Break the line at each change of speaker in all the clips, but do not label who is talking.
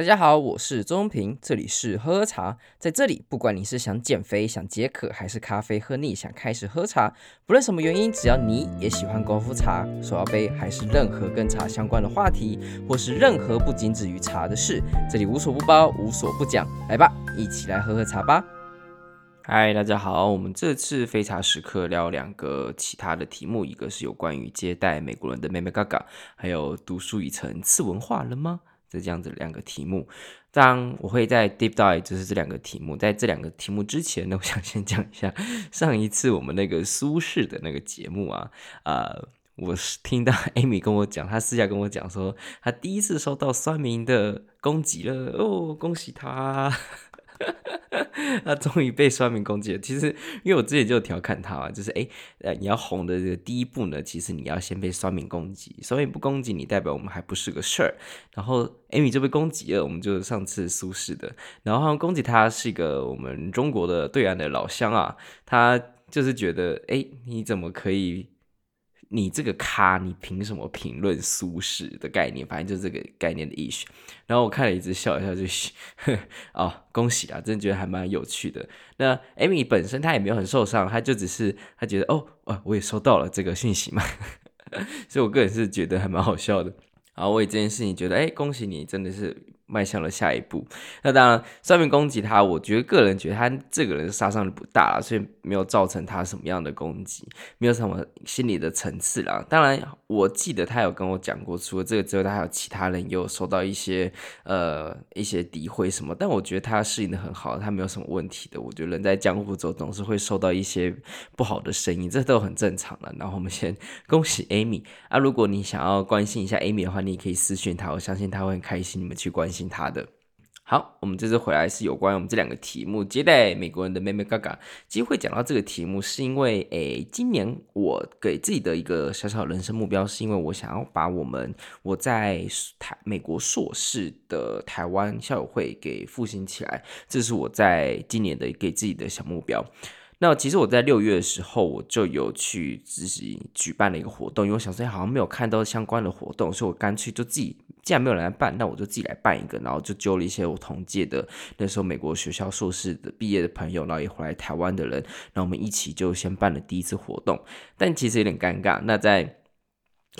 大家好，我是周中平，這裡是喝喝茶。在這裡，不管你是想減肥、想解渴，還是咖啡喝膩，想開始喝茶，不論什麼原因，只要你也喜歡功夫茶、手搖杯，還是任何跟茶相關的話題，或是任何不僅止於茶的事，這裡無所不包，無所不講。來吧，一起來喝喝茶吧。嗨，大家好，我們這次非茶時刻聊兩個其他的題目，一個是有關於接待美國人的眉眉角角，還有讀書已成次文化了嗎？這樣子兩個題目，當然我會在 deep dive 就是這兩個題目，在這兩個題目之前呢，我想先講一下上一次我們那個蘇軾的那個節目啊，呃，我是聽到 Amy 跟我講，他私下跟我講說，他第一次收到酸民的攻擊了，哦，恭喜他。哈，哈哈，他終於被酸民攻擊了。其實，因為我之前就調侃他啊，就是哎，呃，你要紅的這個第一步呢，其實你要先被酸民攻擊。所以不攻擊你，代表我們還不是個事兒。然後 Amy 就被攻擊了，我們就上次蘇軾的。然後攻擊他是一個我們中國的對岸的老鄉啊，他就是覺得，哎，你怎麼可以？你這個咖，你憑什麼評論蘇軾的概念？反正就是這個概念的意思。然後我看了一直笑一笑，就是啊，恭喜啊，真的覺得還蠻有趣的。那艾米本身他也沒有很受傷，他就只是他覺得哦，哦，我也收到了這個信息嘛。 所以，我個人是覺得還蠻好笑的。然後，我為這件事情覺得，哎，恭喜你，真的是。邁向了下一步，那當然上面攻擊他，我覺得個人覺得他這個人殺傷力不大，所以沒有造成他什麼樣的攻擊，沒有什麼心理的層次了。當然，我記得他有跟我講過，除了這個之外，他還有其他人也有受到一些呃一些詆毀什麼，但我覺得他適應的很好，他沒有什麼問題的。我覺得人在江湖走總是會受到一些不好的聲音，這都很正常了。然後我們先恭喜 Amy 啊，如果你想要關心一下 Amy 的話，你也可以私訊他，我相信他會很開心你們去關心。他的好，我們這次回來是有關我們這兩個題目，接待美國人的眉眉角角。機其實會講到這個題目，是因為誒、欸，今年我給自己的一個小小的人生目標，是因為我想要把我們我在台美國碩士的台灣校友會給復興起來。這是我在今年的給自己的小目標。那其實我在六月的時候，我就有去自己舉辦了一個活動，因為我想說好像沒有看到相關的活動，所以我乾脆就自己。既然沒有人來辦，那我就自己來辦一個。然後就揪了一些我同屆的那時候美國學校碩士的畢業的朋友，然後也回來台灣的人，然後我們一起就先辦了第一次活動。但其實有點尷尬。那在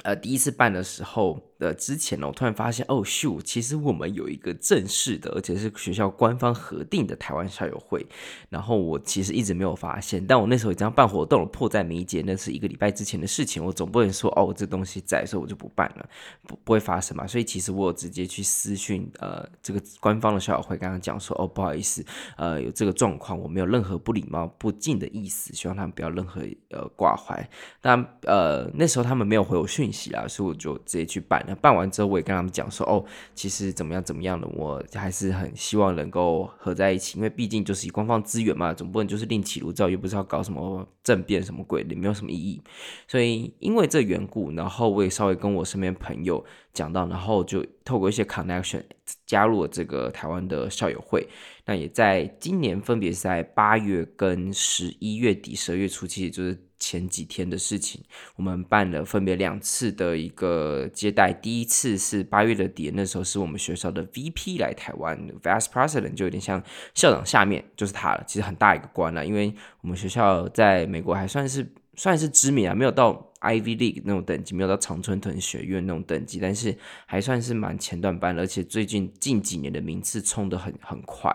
呃第一次辦的時候。呃之前呢，我突然發現哦，秀，其實我們有一個正式的，而且是學校官方核定的台灣校友會，然後我其實一直沒有發現，但我那時候已經要辦活動了，迫在眉睫，那是一個禮拜之前的事情，我總不能說哦，我這東西在，所以我就不辦了，不，不會發生嘛，所以其實我有直接去私訊呃這個官方的校友會，剛剛講說哦不好意思，呃有這個狀況，我沒有任何不禮貌、不敬的意思，希望他們不要任何呃掛懷，但呃那時候他們沒有回我訊息啊，所以我就直接去辦了。辦完之後，我也跟他們講說，哦，其實怎麼樣怎麼樣的，我還是很希望能夠合在一起，因為畢竟就是以官方資源嘛，總不能就是另起爐灶，又不是要搞什麼政變什麼鬼的，也沒有什麼意義。所以因為這緣故，然後我也稍微跟我身邊朋友講到，然後就透過一些 connection 加入了這個台灣的校友會。那也在今年，分別是在八月跟十一月底、十二月初期就是。前幾天的事情，我們辦了分別兩次的一個接待。第一次是八月的底，那時候是我們學校的 VP 來台灣，Vice President 就有點像校長，下面就是他了。其實很大一個官了，因為我們學校在美國還算是算是知名啊，沒有到 Ivy League 那種等級，沒有到常春藤學院那種等級，但是還算是蠻前段班了。而且最近近幾年的名次衝的很很快，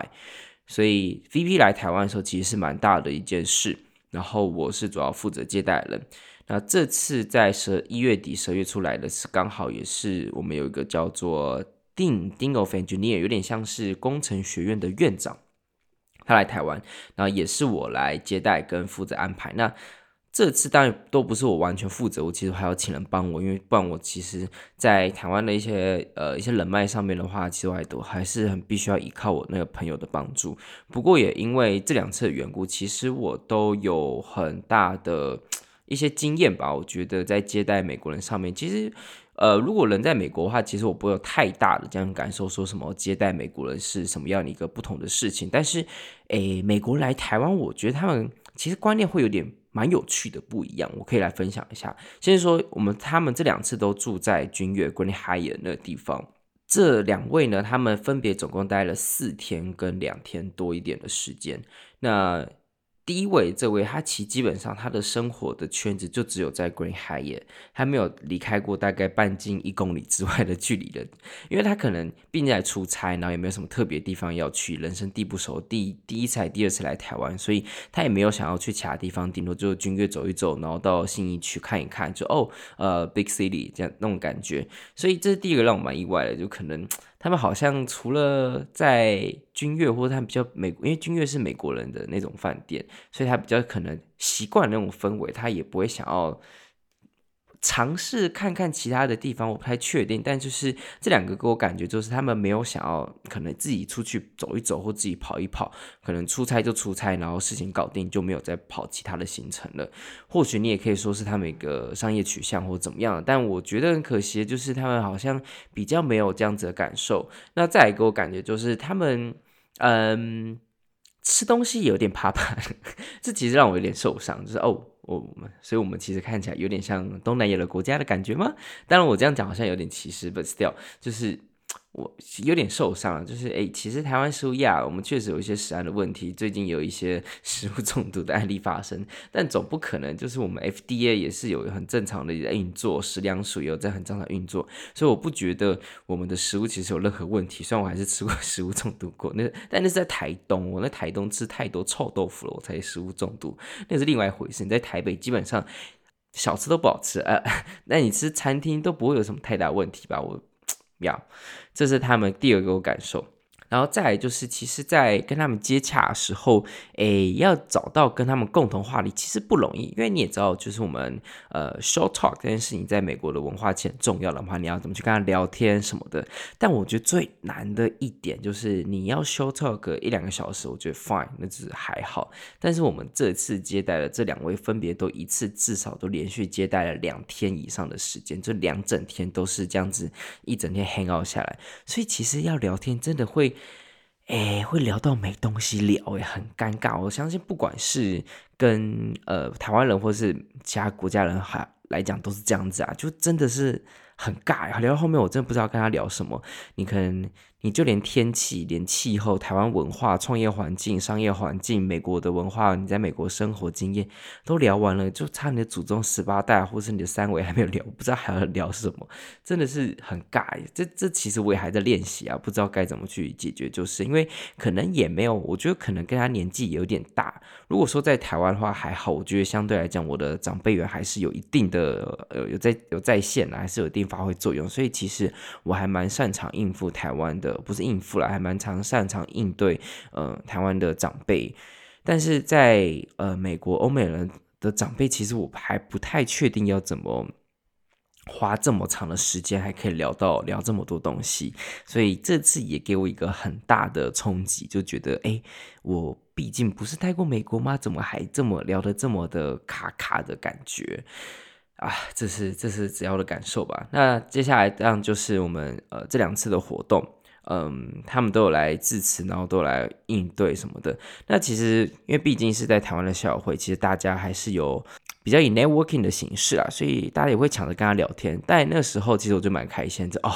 所以 VP 來台灣的時候，其實是蠻大的一件事。然後我是主要負責接待的人，那這次在十一月底、十二月出來的是剛好也是我們有一個叫做 Dean of Engineering，有點像是工程學院的院長，他來台灣，然後也是我來接待跟負責安排那。這次當然都不是我完全負責，我其實還要請人幫我，因為不然我其實，在台灣的一些呃一些人脈上面的話，其實我還都還是很必須要依靠我那個朋友的幫助。不過也因為這兩次的緣故，其實我都有很大的一些經驗吧。我覺得在接待美國人上面，其實呃如果人在美國的話，其實我不會有太大的這樣感受，說什麼接待美國人是什麼樣的一個不同的事情。但是，誒，美國來台灣，我覺得他們其實觀念會有點。蠻有趣的，不一樣，我可以來分享一下。先說我們他們這兩次都住在君悅 Grand Hyatt 那個地方，這兩位呢，他們分別總共待了四天跟兩天多一點的時間。那第一位這位，他其實基本上他的生活的圈子就只有在 Grand Hyatt，他沒有離開過大概半徑一公里之外的距離的，因為他可能並在出差，然後也沒有什麼特別地方要去，人生地不熟，第第一次、第二次來台灣，所以他也沒有想要去其他地方，頂多就是君悅走一走，然後到信義去看一看，就哦，呃，Big City 這樣那種感覺，所以這是第一個讓我蠻意外的，就可能他們好像除了在。君悅，或者他比較美，因為君悅是美國人的那種飯店，所以他比較可能習慣那種氛圍，他也不會想要嘗試看看其他的地方。我不太確定，但就是這兩個給我感覺就是他們沒有想要可能自己出去走一走或自己跑一跑，可能出差就出差，然後事情搞定就沒有再跑其他的行程了。或許你也可以說是他們一個商業取向或怎麼樣，但我覺得很可惜，就是他們好像比較沒有這樣子的感受。那再來給我感覺就是他們。嗯，吃東西也有點怕怕，這其實讓我有點受傷。就是哦，我們，所以我們其實看起來有點像東南亞的國家的感覺嗎？當然，我這樣講好像有點歧視，but still，就是。我有點受傷就是誒、欸，其實台灣食物啊，我們確實有一些食安的問題。最近有一些食物中毒的案例發生，但總不可能就是我們 FDA 也是有很正常的在運作，食藥署有在很正常運作，所以我不覺得我們的食物其實有任何問題。雖然我還是吃過食物中毒過，那但那是在台東，我在台東吃太多臭豆腐了，我才食物中毒，那是另外一回事。你在台北基本上小吃都不好吃，啊，那你吃餐廳都不會有什麼太大問題吧？我。要，這是他們第二個感受。然後再來就是，其實，在跟他們接洽的時候，誒，要找到跟他們共同話題其實不容易，因為你也知道，就是我們呃，small talk 這件事情，在美國的文化前重要的話，你要怎麼去跟他聊天什麼的。但我覺得最難的一點就是，你要 small talk 一兩個小時，我覺得 fine，那就是還好。但是我們這次接待了這兩位，分別都一次至少都連續接待了兩天以上的時間，就兩整天都是這樣子，一整天 hang out 下來。所以其實要聊天真的會。誒、欸、會聊到沒東西聊誒很尷尬。我相信不管是跟呃台灣人，或是其他國家人，還來講都是這樣子啊，就真的是很尬。聊到後面，我真的不知道跟他聊什麼。你可能。你就連天氣、連氣候、台灣文化、創業環境、商業環境、美國的文化，你在美國生活經驗都聊完了，就差你的祖宗十八代或是你的三圍還沒有聊，不知道還要聊什麼，真的是很尬耶。這這其實我也還在練習啊，不知道該怎麼去解決，就是因為可能也沒有，我覺得可能跟他年紀也有點大。如果說在台灣的話還好，我覺得相對來講，我的長輩緣還是有一定的，呃，有在有在線啊，還是有一定發揮作用，所以其實我還蠻擅長應付台灣的，不是應付了，還蠻常擅長應對呃台灣的長輩，但是在呃美國歐美人的長輩，其實我還不太確定要怎麼花這麼長的時間，還可以聊到聊這麼多東西，所以這次也給我一個很大的衝擊，就覺得哎，我畢竟不是待過美國嗎？怎麼還這麼聊得這麼的卡卡的感覺？啊，這是這是主要的感受吧。那接下來這樣就是我們呃這兩次的活動。嗯，他們都有來致辭，然後都有來應對什麼的。那其實，因為畢竟是在台灣的校友會，其實大家還是有比較以 networking 的形式啊，所以大家也會搶着跟他聊天。但那時候，其實我就蠻開心，就哦，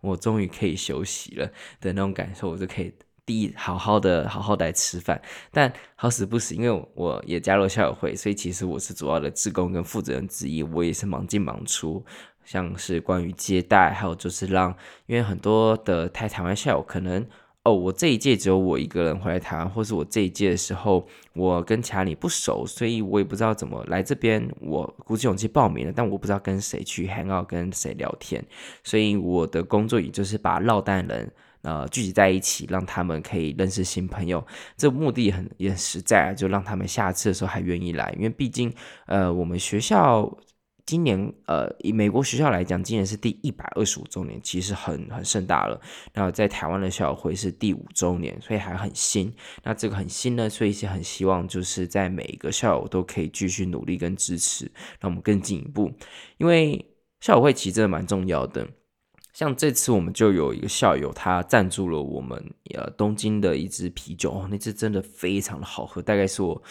我終於可以休息了的那種感受，我就可以第一好好的、好好的來吃飯。但好死不死，因為我，我也加入校友會，所以其實我是主要的志工跟負責人之一，我也是忙進忙出。像是關於接待，還有就是讓，因為很多的來台灣校友可能，哦，我這一屆只有我一個人回來台灣，或是我這一屆的時候，我跟查理不熟，所以我也不知道怎麼來這邊，我鼓起勇氣報名了，但我不知道跟誰去 hang out，跟誰聊天，所以我的工作也就是把落單人，呃，聚集在一起，讓他們可以認識新朋友，這目的也很也很實在，就讓他們下次的時候還願意來，因為畢竟，呃，我們學校。今年，呃，以美國學校來講，今年是第一百二十五週年，其實很很盛大了。然後在台灣的校友會是第五週年，所以還很新。那這個很新呢，所以是很希望就是在每一個校友都可以繼續努力跟支持，讓我們更進一步。因為校友會其實真的蠻重要的。像這次我們就有一個校友，他贊助了我們呃，東京的一支啤酒。哦，那支真的非常的好喝，大概是我。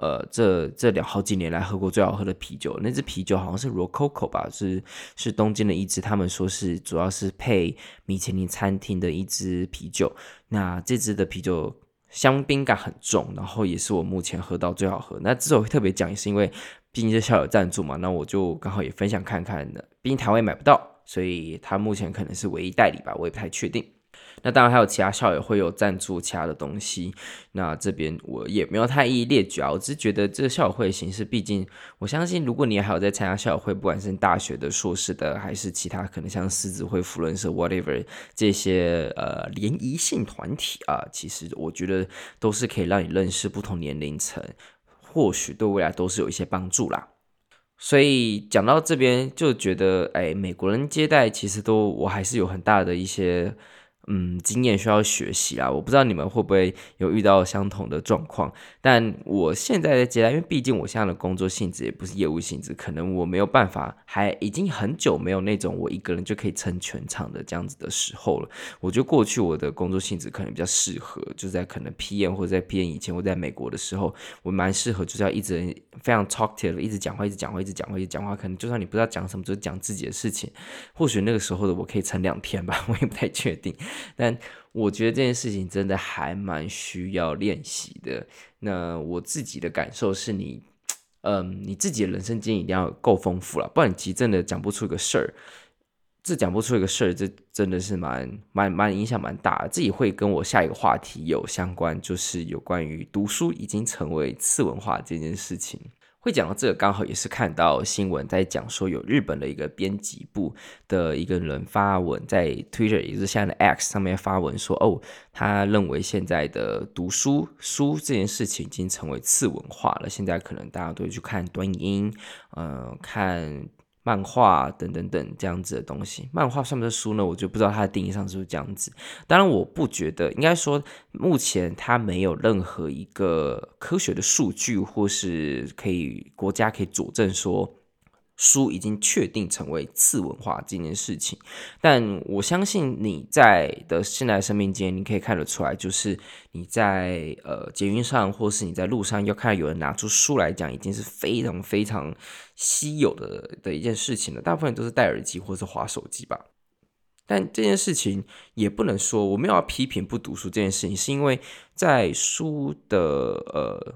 呃，這這兩好幾年來喝過最好喝的啤酒，那支啤酒好像是 Rococo 吧，是是東京的一支，他們說是主要是配米其林餐廳的一支啤酒。那這支的啤酒香檳感很重，然後也是我目前喝到最好喝。那之所以特別講，也是因為畢竟這校友贊助嘛，那我就剛好也分享看看的。畢竟台灣也買不到，所以他目前可能是唯一代理吧，我也不太確定。那當然還有其他校友會有贊助其他的東西，那這邊我也沒有太一一列舉啊，我只是覺得這個校友會的形式，畢竟我相信如果你還有在參加校友會，不管是大學的、碩士的，還是其他可能像獅子會、扶輪社、whatever 這些呃聯誼性團體啊、呃，其實我覺得都是可以讓你認識不同年齡層，或許對未來都是有一些幫助啦。所以講到這邊就覺得，哎、欸，美國人接待其實都我還是有很大的一些。嗯，經驗需要學習啊，我不知道你們會不會有遇到相同的狀況。但我現在的接待，因為畢竟我現在的工作性質也不是業務性質，可能我沒有辦法，還已經很久沒有那種我一個人就可以撐全場的這樣子的時候了。我覺得過去我的工作性質可能比較適合，就在可能 PM 或者在 PM 以前，我在美國的時候，我蠻適合，就是要一直非常 talkative，一直講話，一直講話，一直講話，一直講話。可能就算你不知道講什麼，就是講自己的事情。或許那個時候的我可以撐兩天吧，我也不太確定。但我覺得這件事情真的還蠻需要練習的。那我自己的感受是你，嗯、呃，你自己的人生經驗一定要夠豐富了，不然你其實真的講不出一個事兒，這講不出一個事兒，這真的是蠻蠻蠻影響蠻大的。自己會跟我下一個話題有相關，就是有關於讀書已經成為次文化這件事情。會講到這個，剛好也是看到新聞在講說，有日本的一個編輯部的一個人發文在 Twitter，也是現在的 X 上面發文說，哦，他認為現在的讀書書這件事情已經成為次文化了。現在可能大家都去看短影音，嗯、呃，看。漫畫等等等這樣子的東西，漫畫上面的書呢，我就不知道它的定義上是不是這樣子。當然，我不覺得，應該說目前它沒有任何一個科學的數據，或是可以國家可以佐證說。書已經確定成為次文化這件事情，但我相信你在的現在生命間，你可以看得出來，就是你在呃捷運上，或是你在路上，要看有人拿出書來講，已經是非常非常稀有的的一件事情了。大部分都是戴耳機或是滑手機吧。但這件事情也不能說，我沒有要批評不讀書這件事情，是因為在書的呃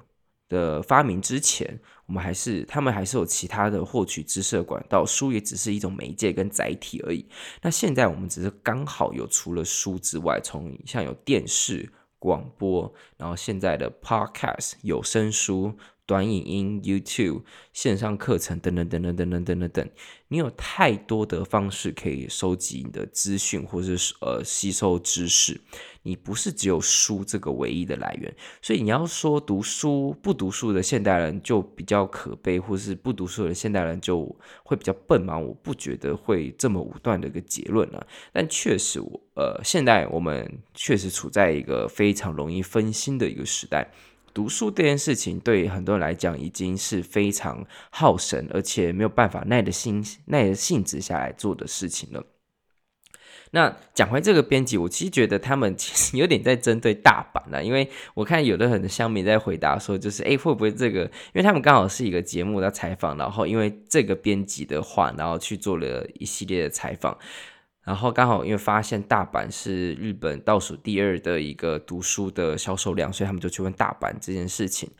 的發明之前。我們還是，他們還是有其他的獲取知識的管道，書也只是一種媒介跟載體而已。那現在我們只是剛好有除了書之外，從像有電視、廣播，然後現在的 Podcast、有聲書。短影音、YouTube、線上課程等等等等等等等等，你有太多的方式可以收集你的資訊，或者是呃吸收知識。你不是只有書這個唯一的來源，所以你要說讀書，不讀書的現代人就比較可悲，或是不讀書的現代人就會比較笨嗎？我不覺得會這麼武斷的一個結論啊。但確實，我呃，現代我們確實處在一個非常容易分心的一個時代。讀書這件事情對於很多人來講已經是非常耗神，而且沒有辦法耐得心、耐得性子下來做的事情了。那講回這個編輯，我其實覺得他們其實有點在針對大阪了啊，因為我看有的很多鄉民在回答說，就是誒會不會這個？因為他們剛好是一個節目在採訪，然後因為這個編輯的話，然後去做了一系列的採訪。然後剛好因為發現大阪是日本倒數第二的一個讀書的銷售量，所以他們就去問大阪這件事情。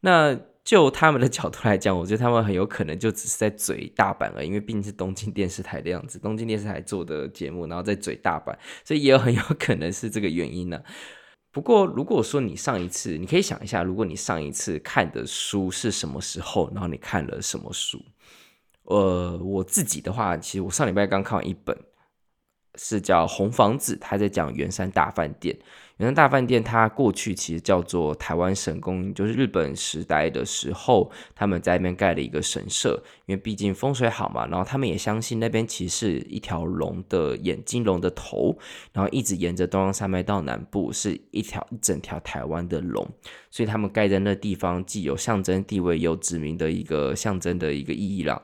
那就他們的角度來講，我覺得他們很有可能就只是在嘴大阪了，因為畢竟是東京電視台的樣子，東京電視台做的節目，然後在嘴大阪，所以也有很有可能是這個原因呢、啊。不過如果說你上一次，你可以想一下，如果你上一次看的書是什麼時候，然後你看了什麼書？呃，我自己的話，其實我上禮拜剛剛看完一本。是叫紅房子，他在講圓山大飯店。圓山大飯店，它過去其實叫做台灣神宮，就是日本時代的時候，他們在那邊蓋了一個神社，因為畢竟風水好嘛。然後他們也相信那邊其實是一條龍的眼睛，龍的頭，然後一直沿着東方山脈到南部，是一條一整條台灣的龍。所以他們蓋在那地方，既有象徵地位，有指明的一個象徵的一個意義了。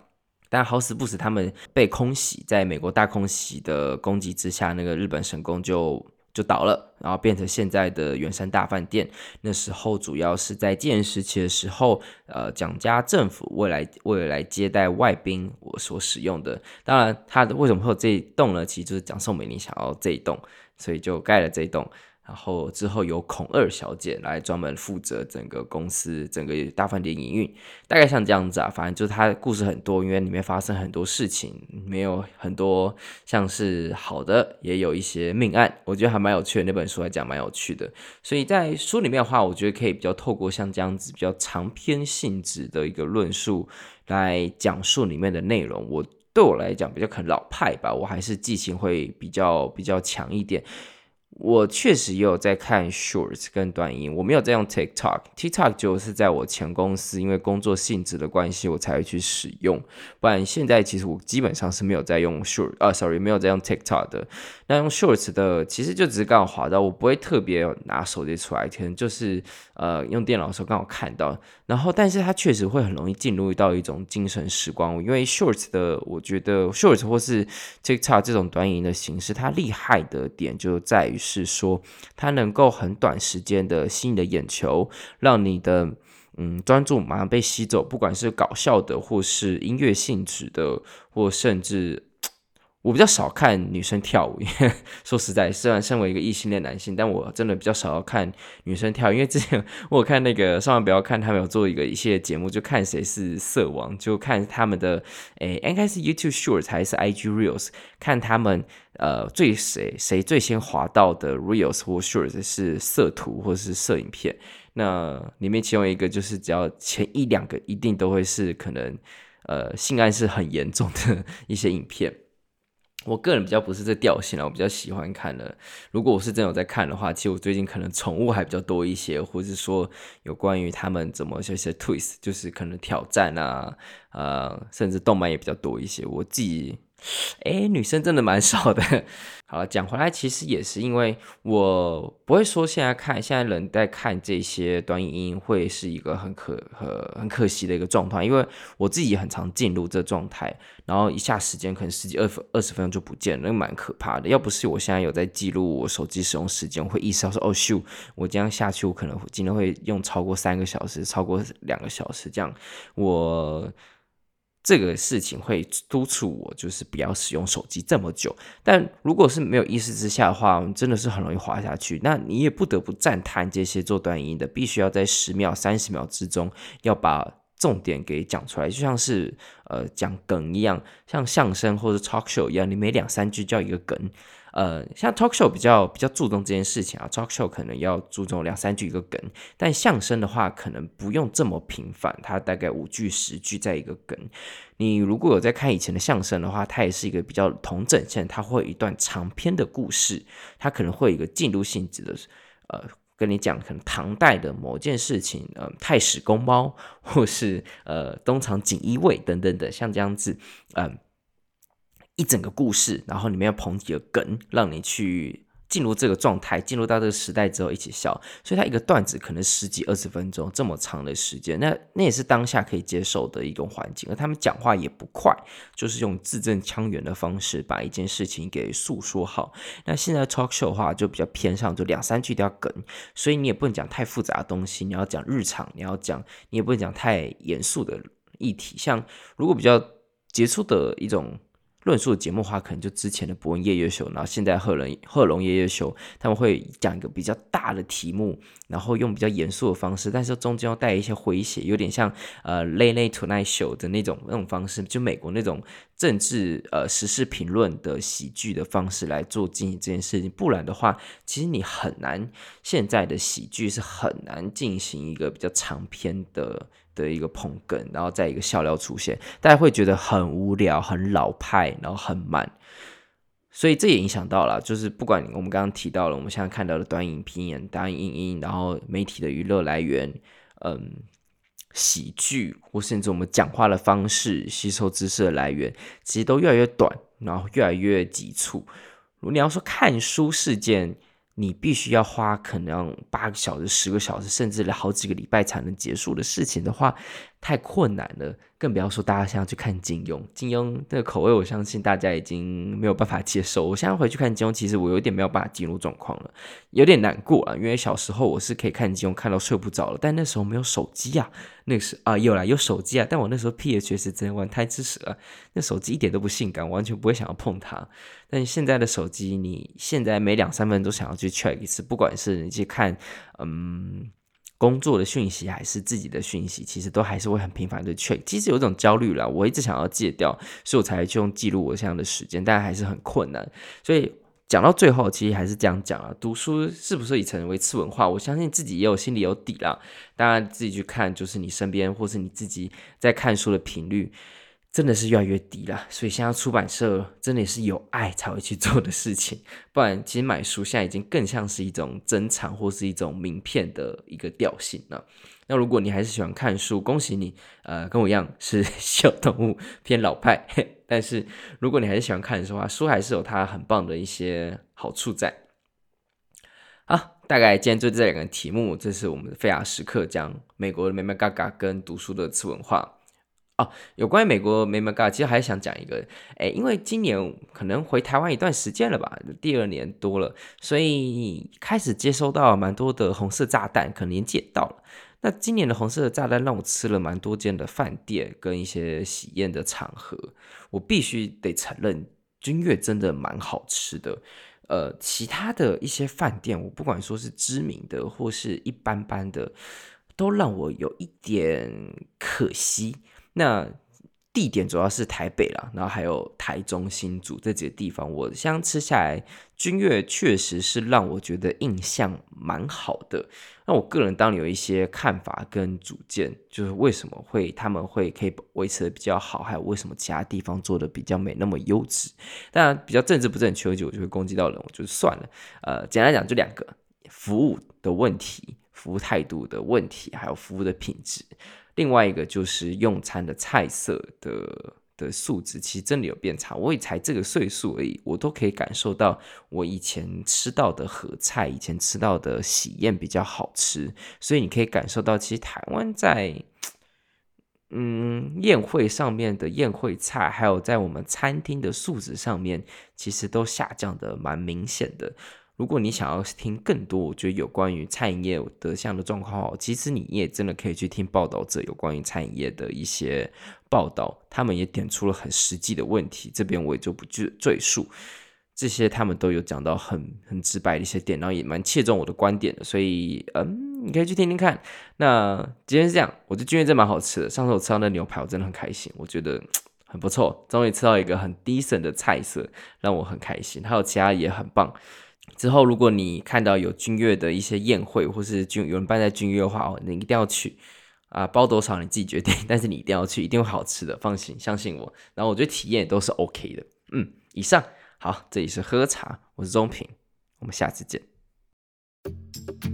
但好死不死，他們被空襲，在美國大空襲的攻擊之下，那個日本神宮就就倒了，然後變成現在的圓山大飯店。那時候主要是在建時期的時候，呃，蔣家政府未來未來接待外賓，我所使用的。當然，他為什麼會有這一棟呢？其實就是蔣宋美齡想要這一棟，所以就蓋了這一棟。然後之後由孔二小姐來專門負責整個公司、整個大飯店營運，大概像這樣子啊，反正就是她的故事很多，因為裡面發生很多事情，沒有很多像是好的，也有一些命案，我覺得還蠻有趣的，那本書來講蠻有趣的。所以在書裡面的話，我覺得可以比較透過像這樣子比較長篇性質的一個論述來講述裡面的內容。我對我來講比較可能老派吧，我還是記性會比較比較強一點。我確實也有在看 shorts 跟短影，我沒有在用 TikTok，TikTok、ok, 就是在我前公司，因為工作性質的關係，我才會去使用。不然現在其實我基本上是沒有在用 shorts，呃、啊、，sorry，沒有在用 TikTok、ok、的。那用 shorts 的，其實就只是剛好滑到，我不會特別拿手機出來聽，就是呃用電腦的時候剛好看到。然後，但是它確實會很容易進入到一種精神時光。因為 shorts 的，我覺得 shorts 或是 TikTok、ok、這種短影的形式，它厲害的點就在於。是說，它能夠很短時間的吸引你的眼球，讓你的嗯專注馬上被吸走，不管是搞笑的，或是音樂性質的，或甚至。我比較少看女生跳舞，因為說實在，雖然身為一個異性戀男性，但我真的比較少要看女生跳舞。因為之前我有看那個上班不要看，他們有做一個一系列節目，就看誰是色王，就看他們的誒、欸，應該是 YouTube Shorts 還是 IG Reels，看他們呃最誰誰最先滑到的 Reels 或 Shorts 是色圖或是色影片。那裡面其中一個就是只要前一兩個一定都會是可能呃性暗示很嚴重的一些影片。我個人比較不是這調性啊，我比較喜歡看的。如果我是真有在看的話，其實我最近可能寵物還比較多一些，或者是說有關於他們怎麼一些些 twist，就是可能挑戰啊，呃，甚至動漫也比較多一些，我自己。哎、欸，女生真的蠻少的。好了，講回來，其實也是因為我不會說現在看，現在人在看這些短影音，音會是一個很可很、呃、很可惜的一個狀態，因為我自己也很常進入這狀態，然後一下時間可能十幾、二分、二十分鐘就不見了，蠻可怕的。要不是我現在有在記錄我手機使用時間，我會意識到說哦咻，我這樣下去，我可能今天會用超過三個小時，超過兩個小時，這樣我。這個事情會督促我，就是不要使用手機這麼久。但如果是沒有意識之下的話，我真的是很容易滑下去。那你也不得不讚嘆這些做短音的，必須要在十秒、三十秒之中要把重點給講出來，就像是呃講梗一樣，像相聲或者 talk show 一樣，你每兩三句叫一個梗，呃，像 talk show 比較比較注重這件事情啊，talk show 可能要注重兩三句一個梗，但相聲的話可能不用這麼頻繁，它大概五句十句在一個梗。你如果有在看以前的相聲的話，它也是一個比較同整性，它會有一段長篇的故事，它可能會有一個進度性質的，呃，跟你講，可能唐代的某件事情，呃，太史公貓，或是呃，東廠錦衣衛等等的，像這樣子，嗯、呃。一整個故事，然後裡面要捧幾個梗，讓你去進入這個狀態，進入到這個時代之後一起笑。所以他一個段子可能十幾二十分鐘這麼長的時間，那那也是當下可以接受的一種環境。而他們講話也不快，就是用字正腔圓的方式把一件事情給訴說好。那現在的 talk show 的話就比較偏上，就兩三句都要梗，所以你也不能講太複雜的東西，你要講日常，你要講，你也不能講太嚴肅的議題。像如果比較傑出的一種。論述的節目的話，可能就之前的博恩夜夜秀，然後現在賀瓏、賀瓏夜夜秀，他們會講一個比較大的題目，然後用比較嚴肅的方式，但是中間要帶一些詼諧，有點像呃《Late Night Tonight Show》的那種那種方式，就美國那種政治呃時事評論的喜劇的方式來做進行這件事情。不然的話，其實你很難，現在的喜劇是很難進行一個比較長篇的。的一個捧哏，然後在一個笑料出現，大家會覺得很無聊、很老派，然後很慢，所以這也影響到了，就是不管我們剛剛提到了，我們現在看到的短影片、短影音，音，音，然後媒體的娛樂來源，嗯，喜劇，或甚至我們講話的方式，吸收知識的來源，其實都越來越短，然後越來越急促。如果你要說看書事件，你必須要花可能八個小時、十個小時，甚至好幾個禮拜才能結束的事情的話。太困難了，更不要說大家想要去看金庸。金庸這個口味，我相信大家已經沒有辦法接受。我現在回去看金庸，其實我有點沒有辦法進入狀況了，有點難過啊。因為小時候我是可以看金庸，看到睡不着了，但那時候沒有手機啊，那是、個、啊，有了有手機啊，但我那時候 PHS 真的玩太吃屎了，那手機一點都不性感，完全不會想要碰它。但現在的手機，你現在每兩三分鐘都想要去 check 一次，不管是你去看，嗯。工作的訊息還是自己的訊息，其實都還是會很頻繁的 check。其實有一種焦慮啦，我一直想要戒掉，所以我才去用記錄我這樣的時間，但還是很困難。所以講到最後，其實還是這樣講啊：讀書是不是已成為次文化？我相信自己也有心裡有底啦。當然自己去看，就是你身邊或是你自己在看書的頻率。真的是越來越低了，所以現在出版社真的也是有愛才會去做的事情，不然其實買書現在已經更像是一種珍藏或是一種名片的一個調性了。那如果你還是喜歡看書，恭喜你，呃，跟我一樣是小動物偏老派嘿。但是如果你還是喜歡看書的話，書還是有它很棒的一些好處在。好，大概今天就這兩個題目，這是我們非茶時刻講美國的眉眉角角跟讀書的次文化。哦、啊，有關於美國，沒美嘎。其實還想講一個、欸，因為今年可能回台灣一段時間了吧，第二年多了，所以開始接收到蠻多的紅色炸彈，可能也到了。那今年的紅色的炸彈讓我吃了蠻多間的飯店跟一些喜宴的場合，我必須得承認，君悅真的蠻好吃的。呃，其他的一些飯店，我不管說是知名的或是一般般的，都讓我有一點可惜。那地點主要是台北啦，然後還有台中、新竹這幾個地方。我相吃下來，君悅確實是讓我覺得印象蠻好的。那我個人當然有一些看法跟主見，就是為什麼會他們會可以維持的比較好，還有為什麼其他地方做的比較沒那麼優質。當然，比較政治不正確，我就會攻擊到人，我就算了。呃，簡單講就兩個服務的問題。服務態度的問題，還有服務的品質，另外一個就是用餐的菜色的的素質，其實真的有變差。我也才這個歲數而已，我都可以感受到，我以前吃到的和菜，以前吃到的喜宴比較好吃，所以你可以感受到，其實台灣在，嗯，宴會上面的宴會菜，還有在我們餐廳的素質上面，其實都下降的蠻明顯的。如果你想要聽更多，我覺得有關於餐飲業這樣的狀況，其實你也真的可以去聽報道者有關於餐飲業的一些報道，他們也點出了很實際的問題。這邊我也就不去贅述，這些他們都有講到很很直白的一些點，然後也蠻切中我的觀點的。所以，嗯，你可以去聽聽看。那今天是這樣，我覺得今天真蠻好吃的。上次我吃到那牛排，我真的很開心，我覺得很不錯，終於吃到一個很 decent 的菜色，讓我很開心。還有其他也很棒。之後，如果你看到有君悅的一些宴會，或是君，有人辦在君悅的話、哦、你一定要去啊、呃！包多少你自己決定，但是你一定要去，一定會好吃的，放心，相信我。然後我覺得體驗也都是 OK 的，嗯。以上，好，這裡是喝茶，我是中平，我們下次見。